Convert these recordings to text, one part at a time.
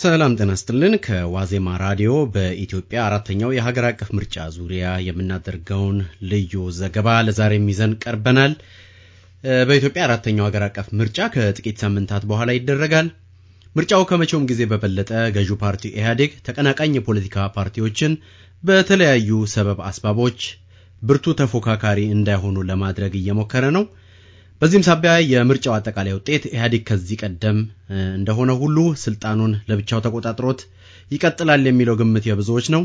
ሰላም ጤና ይስጥልን። ከዋዜማ ራዲዮ በኢትዮጵያ አራተኛው የሀገር አቀፍ ምርጫ ዙሪያ የምናደርገውን ልዩ ዘገባ ለዛሬም ይዘን ቀርበናል። በኢትዮጵያ አራተኛው ሀገር አቀፍ ምርጫ ከጥቂት ሳምንታት በኋላ ይደረጋል። ምርጫው ከመቼውም ጊዜ በበለጠ ገዢው ፓርቲ ኢህአዴግ ተቀናቃኝ የፖለቲካ ፓርቲዎችን በተለያዩ ሰበብ አስባቦች ብርቱ ተፎካካሪ እንዳይሆኑ ለማድረግ እየሞከረ ነው። በዚህም ሳቢያ የምርጫው አጠቃላይ ውጤት ኢህአዴግ ከዚህ ቀደም እንደሆነ ሁሉ ስልጣኑን ለብቻው ተቆጣጥሮት ይቀጥላል የሚለው ግምት የብዙዎች ነው።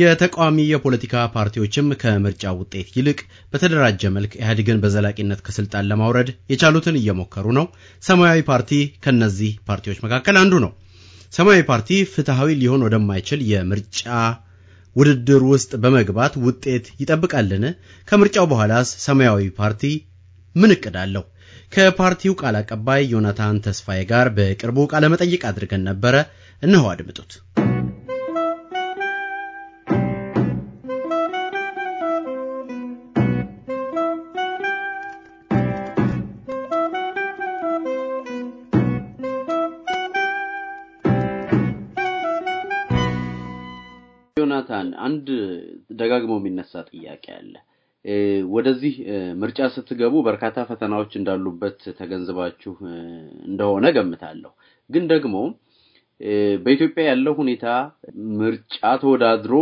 የተቃዋሚ የፖለቲካ ፓርቲዎችም ከምርጫ ውጤት ይልቅ በተደራጀ መልክ ኢህአዴግን በዘላቂነት ከስልጣን ለማውረድ የቻሉትን እየሞከሩ ነው። ሰማያዊ ፓርቲ ከነዚህ ፓርቲዎች መካከል አንዱ ነው። ሰማያዊ ፓርቲ ፍትሐዊ ሊሆን ወደማይችል የምርጫ ውድድር ውስጥ በመግባት ውጤት ይጠብቃልን? ከምርጫው በኋላስ ሰማያዊ ፓርቲ ምን እቅድ አለው? ከፓርቲው ቃል አቀባይ ዮናታን ተስፋዬ ጋር በቅርቡ ቃለመጠይቅ አድርገን ነበረ። እነሆ አድምጡት። ዮናታን፣ አንድ ደጋግሞ የሚነሳ ጥያቄ አለ። ወደዚህ ምርጫ ስትገቡ በርካታ ፈተናዎች እንዳሉበት ተገንዝባችሁ እንደሆነ ገምታለሁ። ግን ደግሞ በኢትዮጵያ ያለው ሁኔታ ምርጫ ተወዳድሮ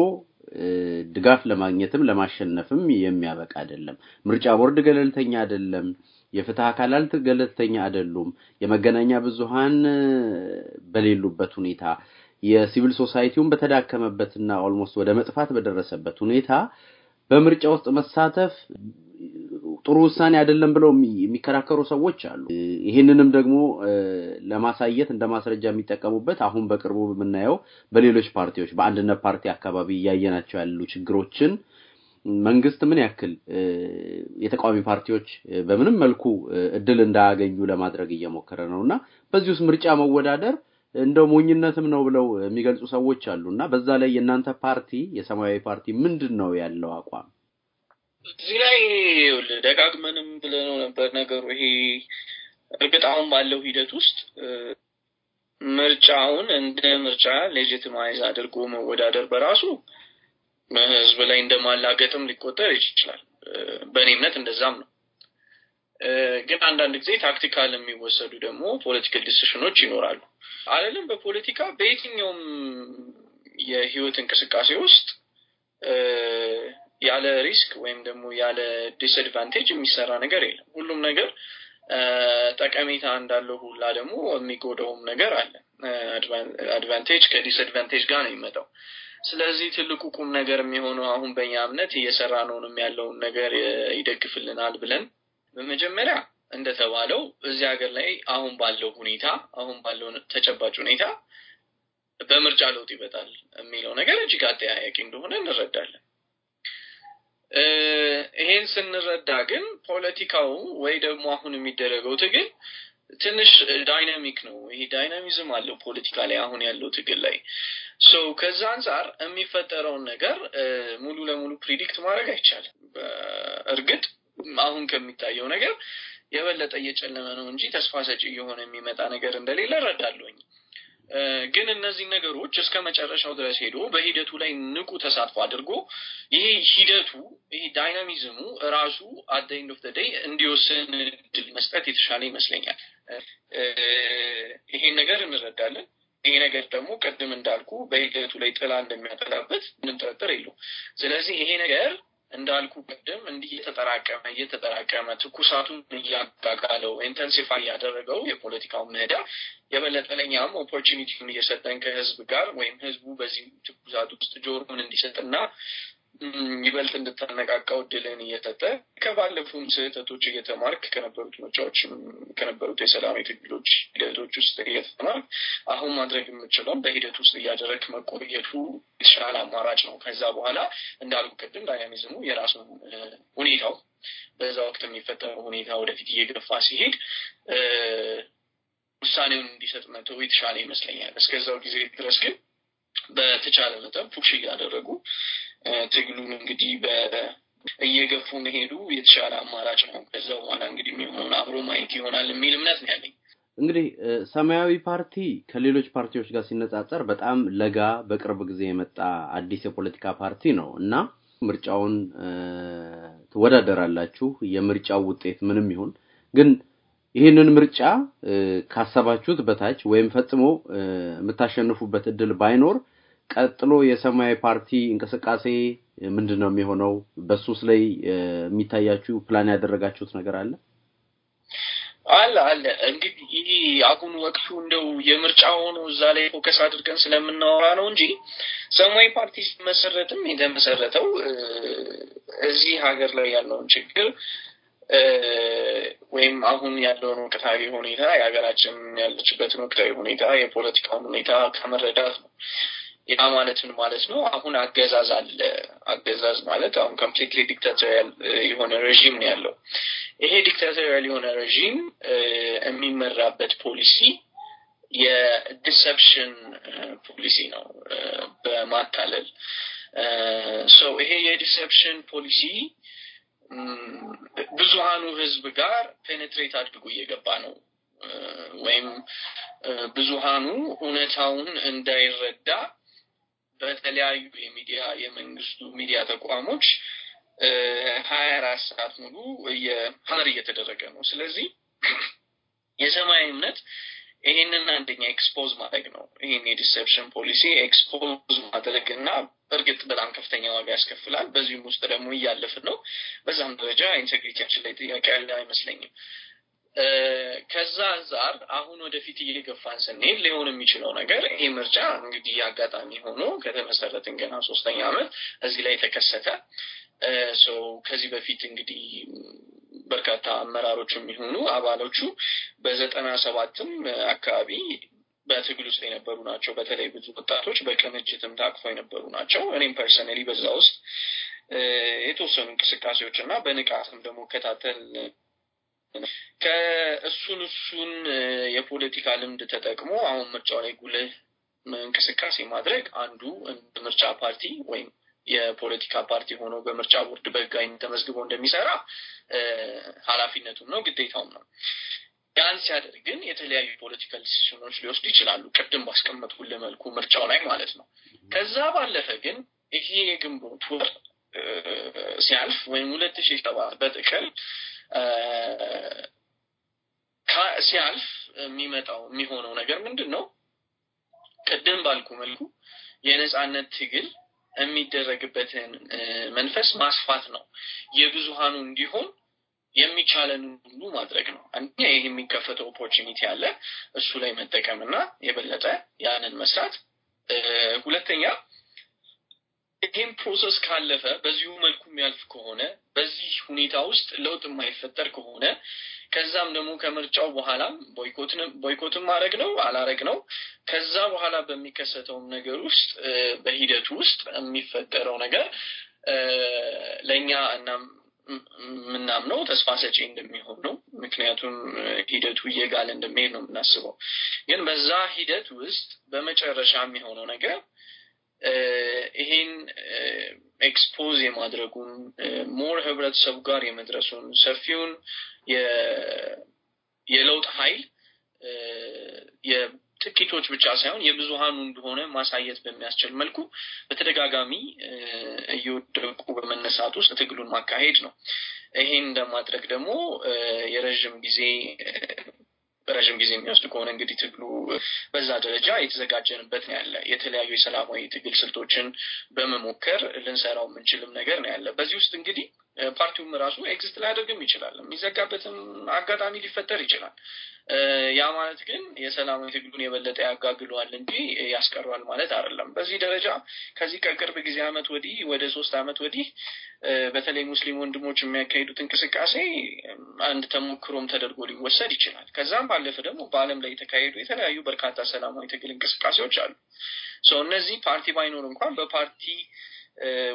ድጋፍ ለማግኘትም ለማሸነፍም የሚያበቃ አይደለም። ምርጫ ቦርድ ገለልተኛ አይደለም። የፍትህ አካላት ገለልተኛ አይደሉም። የመገናኛ ብዙሃን በሌሉበት ሁኔታ የሲቪል ሶሳይቲውን በተዳከመበትና ኦልሞስት ወደ መጥፋት በደረሰበት ሁኔታ በምርጫ ውስጥ መሳተፍ ጥሩ ውሳኔ አይደለም ብለው የሚከራከሩ ሰዎች አሉ። ይህንንም ደግሞ ለማሳየት እንደ ማስረጃ የሚጠቀሙበት አሁን በቅርቡ የምናየው በሌሎች ፓርቲዎች በአንድነት ፓርቲ አካባቢ እያየናቸው ያሉ ችግሮችን መንግስት ምን ያክል የተቃዋሚ ፓርቲዎች በምንም መልኩ እድል እንዳያገኙ ለማድረግ እየሞከረ ነው እና በዚህ ውስጥ ምርጫ መወዳደር እንደ ሞኝነትም ነው ብለው የሚገልጹ ሰዎች አሉ እና በዛ ላይ የእናንተ ፓርቲ የሰማያዊ ፓርቲ ምንድን ነው ያለው አቋም? እዚህ ላይ ደጋግመንም ብለነው ነበር ነገሩ ይሄ እርግጥ አሁን ባለው ሂደት ውስጥ ምርጫውን እንደ ምርጫ ሌጂቲማይዝ አድርጎ መወዳደር በራሱ ህዝብ ላይ እንደማላገጥም ሊቆጠር ይችላል። በእኔ እምነት እንደዛም ነው። ግን አንዳንድ ጊዜ ታክቲካል የሚወሰዱ ደግሞ ፖለቲካል ዲሲሽኖች ይኖራሉ። አለልም በፖለቲካ በየትኛውም የህይወት እንቅስቃሴ ውስጥ ያለ ሪስክ ወይም ደግሞ ያለ ዲስአድቫንቴጅ የሚሰራ ነገር የለም። ሁሉም ነገር ጠቀሜታ እንዳለው ሁላ ደግሞ የሚጎዳውም ነገር አለ። አድቫንቴጅ ከዲስአድቫንቴጅ ጋር ነው የሚመጣው። ስለዚህ ትልቁ ቁም ነገር የሚሆነው አሁን በእኛ እምነት እየሰራ ነውንም ያለውን ነገር ይደግፍልናል ብለን በመጀመሪያ እንደተባለው እዚህ ሀገር ላይ አሁን ባለው ሁኔታ አሁን ባለው ተጨባጭ ሁኔታ በምርጫ ለውጥ ይበጣል የሚለው ነገር እጅግ አጠያያቂ እንደሆነ እንረዳለን። ይሄን ስንረዳ ግን ፖለቲካው ወይ ደግሞ አሁን የሚደረገው ትግል ትንሽ ዳይናሚክ ነው። ይሄ ዳይናሚዝም አለው ፖለቲካ ላይ አሁን ያለው ትግል ላይ ሶ ከዛ አንጻር የሚፈጠረውን ነገር ሙሉ ለሙሉ ፕሪዲክት ማድረግ አይቻልም። እርግጥ አሁን ከሚታየው ነገር የበለጠ እየጨለመ ነው እንጂ ተስፋ ሰጪ እየሆነ የሚመጣ ነገር እንደሌለ እረዳለሁኝ። ግን እነዚህ ነገሮች እስከ መጨረሻው ድረስ ሄዶ በሂደቱ ላይ ንቁ ተሳትፎ አድርጎ ይሄ ሂደቱ ይሄ ዳይናሚዝሙ ራሱ አት ኦፍ ደይ እንዲወስን ድል መስጠት የተሻለ ይመስለኛል። ይሄን ነገር እንረዳለን። ይሄ ነገር ደግሞ ቅድም እንዳልኩ በሂደቱ ላይ ጥላ እንደሚያጠላበት ምንም ጥርጥር የለውም። ስለዚህ ይሄ ነገር እንዳልኩ ቅድም እንዲህ እየተጠራቀመ እየተጠራቀመ ትኩሳቱን እያጋጋለው ኢንተንሲፋይ ያደረገው የፖለቲካው ምህዳር የበለጠ ለእኛም ኦፖርቹኒቲውን እየሰጠን ከህዝብ ጋር ወይም ህዝቡ በዚህ ትኩሳት ውስጥ ጆሮን እንዲሰጥና ይበልጥ እንድታነቃቃ ውድልህን እየሰጠ ከባለፉም ስህተቶች እየተማርክ ከነበሩት ምርጫዎች ከነበሩት የሰላም የትግሎች ሂደቶች ውስጥ እየተማርክ አሁን ማድረግ የምችለውም በሂደት ውስጥ እያደረግ መቆየቱ የተሻለ አማራጭ ነው። ከዛ በኋላ እንዳልኩ ቅድም ዳይናሚዝሙ የራሱ ሁኔታው በዛ ወቅት የሚፈጠረው ሁኔታ ወደፊት እየገፋ ሲሄድ ውሳኔውን እንዲሰጥ መተው የተሻለ ይመስለኛል። እስከዛው ጊዜ ድረስ ግን በተቻለ መጠን ፉክሽ እያደረጉ ትግሉን እንግዲህ እየገፉ መሄዱ የተሻለ አማራጭ ነው። ከዛ በኋላ እንግዲህ የሚሆነውን አብሮ ማየት ይሆናል የሚል እምነት ነው ያለኝ። እንግዲህ ሰማያዊ ፓርቲ ከሌሎች ፓርቲዎች ጋር ሲነጻጸር በጣም ለጋ በቅርብ ጊዜ የመጣ አዲስ የፖለቲካ ፓርቲ ነው እና ምርጫውን ትወዳደራላችሁ። የምርጫው ውጤት ምንም ይሁን ግን ይህንን ምርጫ ካሰባችሁት በታች ወይም ፈጽሞ የምታሸንፉበት እድል ባይኖር ቀጥሎ የሰማያዊ ፓርቲ እንቅስቃሴ ምንድን ነው የሚሆነው? በሱስ ላይ የሚታያችሁ ፕላን ያደረጋችሁት ነገር አለ? አለ አለ። እንግዲህ ይህ አሁን ወቅቱ እንደው የምርጫ ሆኖ እዛ ላይ ፎከስ አድርገን ስለምናወራ ነው እንጂ ሰማያዊ ፓርቲ ሲመሰረትም የተመሰረተው እዚህ ሀገር ላይ ያለውን ችግር ወይም አሁን ያለውን ወቅታዊ ሁኔታ የሀገራችን ያለችበትን ወቅታዊ ሁኔታ የፖለቲካውን ሁኔታ ከመረዳት ነው። ያ ማለት ምን ማለት ነው? አሁን አገዛዝ አለ። አገዛዝ ማለት አሁን ኮምፕሊትሊ ዲክታቶሪያል uh, የሆነ ሬዥም ነው ያለው። ይሄ ዲክታቶሪያል የሆነ ሬዥም uh, የሚመራበት ፖሊሲ የዲሰፕሽን uh, ፖሊሲ ነው፣ በማታለል ሰው። ይሄ የዲሰፕሽን ፖሊሲ mm, ብዙሃኑ ህዝብ ጋር ፔኔትሬት አድርጎ እየገባ ነው ወይም ብዙሃኑ እውነታውን እንዳይረዳ በተለያዩ የሚዲያ የመንግስቱ ሚዲያ ተቋሞች ሀያ አራት ሰዓት ሙሉ ሀረር እየተደረገ ነው። ስለዚህ የሰማያዊ እምነት ይሄንን አንደኛ ኤክስፖዝ ማድረግ ነው። ይሄን የዲሰፕሽን ፖሊሲ ኤክስፖዝ ማድረግ እና እርግጥ በጣም ከፍተኛ ዋጋ ያስከፍላል። በዚህም ውስጥ ደግሞ እያለፍን ነው። በዛም ደረጃ ኢንቴግሪቲያችን ላይ ጥያቄ ያለ አይመስለኝም። ከዛ አንጻር አሁን ወደፊት እየገፋን ስንሄድ ሊሆን የሚችለው ነገር ይህ ምርጫ እንግዲህ አጋጣሚ ሆኖ ከተመሰረትን ገና ሶስተኛ ዓመት እዚህ ላይ ተከሰተ። ከዚህ በፊት እንግዲህ በርካታ አመራሮች የሚሆኑ አባሎቹ በዘጠና ሰባትም አካባቢ በትግል ውስጥ የነበሩ ናቸው። በተለይ ብዙ ወጣቶች በቅንጅትም ታቅፈው የነበሩ ናቸው። እኔም ፐርሰነሊ በዛ ውስጥ የተወሰኑ እንቅስቃሴዎች እና በንቃትም ደግሞ ከታተል ከእሱን እሱን የፖለቲካ ልምድ ተጠቅሞ አሁን ምርጫው ላይ ጉልህ እንቅስቃሴ ማድረግ አንዱ ምርጫ ፓርቲ ወይም የፖለቲካ ፓርቲ ሆኖ በምርጫ ቦርድ በህጋዊ ተመዝግቦ እንደሚሰራ ሀላፊነቱም ነው ግዴታውም ነው። ያን ሲያደርግ ግን የተለያዩ ፖለቲካል ዲሲሽኖች ሊወስዱ ይችላሉ። ቅድም ባስቀመጥኩልህ መልኩ ምርጫው ላይ ማለት ነው። ከዛ ባለፈ ግን ይሄ የግንቦት ወር ሲያልፍ ወይም ሁለት ሺ ሰባት በጥቅል ሲያልፍ የሚመጣው የሚሆነው ነገር ምንድን ነው? ቅድም ባልኩ መልኩ የነጻነት ትግል የሚደረግበትን መንፈስ ማስፋት ነው። የብዙሃኑ እንዲሆን የሚቻለን ሁሉ ማድረግ ነው። አንደኛ ይህ የሚከፈተው ኦፖርቹኒቲ አለ፣ እሱ ላይ መጠቀም እና የበለጠ ያንን መስራት። ሁለተኛ ይህም ፕሮሰስ ካለፈ በዚሁ መልኩ የሚያልፍ ከሆነ በዚህ ሁኔታ ውስጥ ለውጥ የማይፈጠር ከሆነ ከዛም ደግሞ ከምርጫው በኋላም ቦይኮትን ማድረግ ነው አላረግ ነው ከዛ በኋላ በሚከሰተውም ነገር ውስጥ በሂደቱ ውስጥ የሚፈጠረው ነገር ለእኛ እና የምናምነው ተስፋ ሰጪ እንደሚሆን ነው። ምክንያቱም ሂደቱ እየጋለ እንደሚሄድ ነው የምናስበው። ግን በዛ ሂደት ውስጥ በመጨረሻ የሚሆነው ነገር ይሄን ኤክስፖዝ የማድረጉን ሞር ህብረተሰቡ ጋር የመድረሱን ሰፊውን የለውጥ ኃይል የጥቂቶች ብቻ ሳይሆን የብዙሃኑ እንደሆነ ማሳየት በሚያስችል መልኩ በተደጋጋሚ እየወደቁ በመነሳት ውስጥ ትግሉን ማካሄድ ነው። ይሄን እንደማድረግ ደግሞ የረዥም ጊዜ ረዥም ጊዜ የሚወስድ ከሆነ እንግዲህ ትግሉ በዛ ደረጃ የተዘጋጀንበት ነው ያለ። የተለያዩ የሰላማዊ ትግል ስልቶችን በመሞከር ልንሰራው የምንችልም ነገር ነው ያለ። በዚህ ውስጥ እንግዲህ ፓርቲውም ራሱ ኤግዚስት ላያደርግም ይችላል። የሚዘጋበትም አጋጣሚ ሊፈጠር ይችላል። ያ ማለት ግን የሰላም ትግሉን የበለጠ ያጋግለዋል እንጂ ያስቀሯል ማለት አይደለም። በዚህ ደረጃ ከዚህ ከቅርብ ጊዜ ዓመት ወዲህ ወደ ሶስት አመት ወዲህ በተለይ ሙስሊም ወንድሞች የሚያካሄዱት እንቅስቃሴ አንድ ተሞክሮም ተደርጎ ሊወሰድ ይችላል። ከዛም ባለፈ ደግሞ በአለም ላይ የተካሄዱ የተለያዩ በርካታ ሰላማዊ ትግል እንቅስቃሴዎች አሉ። እነዚህ ፓርቲ ባይኖር እንኳን በፓርቲ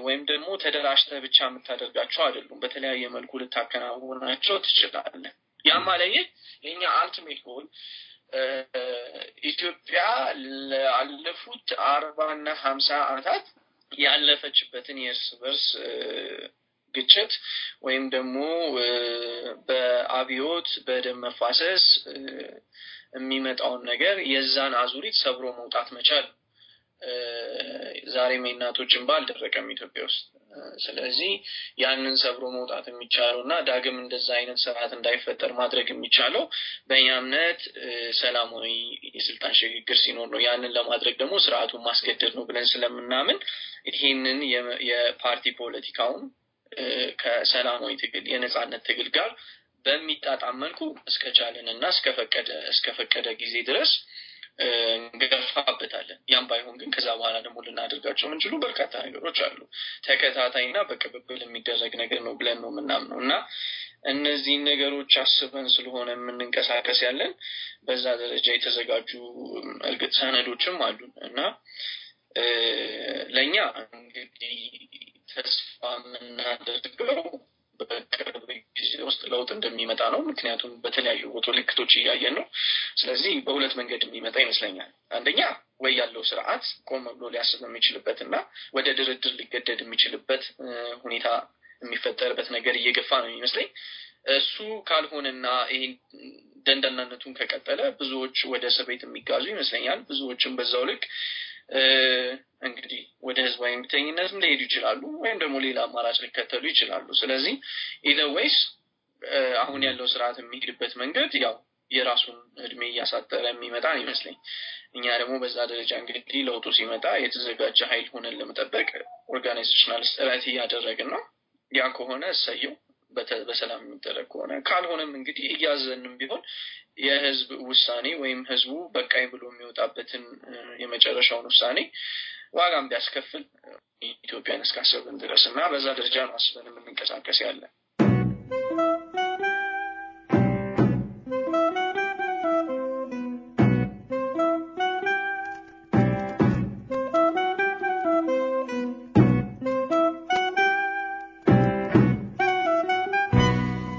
ወይም ደግሞ ተደራሽተ ብቻ የምታደርጋቸው አይደሉም። በተለያየ መልኩ ልታከናውናቸው ትችላለህ። ያ ማለየ የኛ አልትሜት ጎል ኢትዮጵያ ላለፉት አርባና ሀምሳ አመታት ያለፈችበትን የእርስ በርስ ግጭት ወይም ደግሞ በአብዮት በደም መፋሰስ የሚመጣውን ነገር የዛን አዙሪት ሰብሮ መውጣት መቻል ዛሬም የእናቶች እንባ አልደረቀም ኢትዮጵያ ውስጥ። ስለዚህ ያንን ሰብሮ መውጣት የሚቻለው እና ዳግም እንደዛ አይነት ስርዓት እንዳይፈጠር ማድረግ የሚቻለው በእኛ እምነት ሰላማዊ የስልጣን ሽግግር ሲኖር ነው። ያንን ለማድረግ ደግሞ ስርዓቱን ማስገደድ ነው ብለን ስለምናምን ይህንን የፓርቲ ፖለቲካውን ከሰላማዊ ትግል የነጻነት ትግል ጋር በሚጣጣም መልኩ እስከቻለን እና እስከፈቀደ ጊዜ ድረስ እንገፋበታለን። ያም ባይሆን ግን ከዛ በኋላ ደግሞ ልናደርጋቸው የምንችሉ በርካታ ነገሮች አሉ። ተከታታይና በቅብብል የሚደረግ ነገር ነው ብለን ነው የምናምነው እና እነዚህን ነገሮች አስበን ስለሆነ የምንንቀሳቀስ ያለን በዛ ደረጃ የተዘጋጁ እርግጥ ሰነዶችም አሉ እና ለእኛ እንግዲህ ተስፋ የምናደርገው በቅርብ ጊዜ ውስጥ ለውጥ እንደሚመጣ ነው። ምክንያቱም በተለያዩ ቦቶ ልክቶች እያየን ነው። ስለዚህ በሁለት መንገድ የሚመጣ ይመስለኛል። አንደኛ ወይ ያለው ስርዓት ቆም ብሎ ሊያስብ የሚችልበት እና ወደ ድርድር ሊገደድ የሚችልበት ሁኔታ የሚፈጠርበት ነገር እየገፋ ነው የሚመስለኝ። እሱ ካልሆነና ይህ ደንዳናነቱን ከቀጠለ ብዙዎች ወደ እስር ቤት የሚጋዙ ይመስለኛል። ብዙዎችም በዛው ልክ እንግዲህ ወደ ህዝባዊ እምቢተኝነትም ሊሄዱ ይችላሉ፣ ወይም ደግሞ ሌላ አማራጭ ሊከተሉ ይችላሉ። ስለዚህ ኢዘ ወይስ አሁን ያለው ስርዓት የሚሄድበት መንገድ ያው የራሱን እድሜ እያሳጠረ የሚመጣ ይመስለኝ። እኛ ደግሞ በዛ ደረጃ እንግዲህ ለውጡ ሲመጣ የተዘጋጀ ሀይል ሆነን ለመጠበቅ ኦርጋናይዜሽናል ስጥረት እያደረግን ነው። ያ ከሆነ እሰየው፣ በሰላም የሚደረግ ከሆነ ካልሆነም እንግዲህ እያዘንም ቢሆን የህዝብ ውሳኔ ወይም ህዝቡ በቃይ ብሎ የሚወጣበትን የመጨረሻውን ውሳኔ ዋጋም ቢያስከፍል ኢትዮጵያን እስካሰብን ድረስ እና በዛ ደረጃ ነው አስበን የምንንቀሳቀስ ያለን።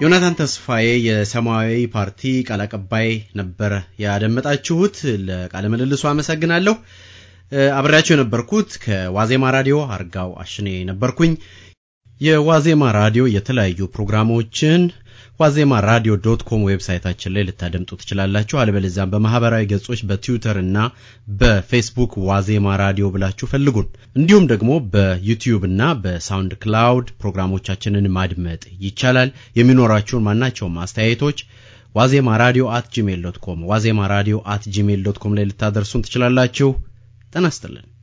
ዮናታን ተስፋዬ የሰማያዊ ፓርቲ ቃል አቀባይ ነበር ያደመጣችሁት። ለቃለ ምልልሱ አመሰግናለሁ። አብሬያችሁ የነበርኩት ከዋዜማ ራዲዮ አርጋው አሽኔ ነበርኩኝ። የዋዜማ ራዲዮ የተለያዩ ፕሮግራሞችን ዋዜማ ራዲዮ ዶት ኮም ዌብሳይታችን ላይ ልታደምጡ ትችላላችሁ። አለበለዚያም በማህበራዊ ገጾች በትዊተር እና በፌስቡክ ዋዜማ ራዲዮ ብላችሁ ፈልጉን። እንዲሁም ደግሞ በዩቲዩብ እና በሳውንድ ክላውድ ፕሮግራሞቻችንን ማድመጥ ይቻላል። የሚኖራችሁን ማናቸውም አስተያየቶች ዋዜማ ራዲዮ አት ጂሜል ዶት ኮም ዋዜማ ራዲዮ አት ጂሜል ዶት ኮም ላይ ልታደርሱን ትችላላችሁ። ጤና ይስጥልን።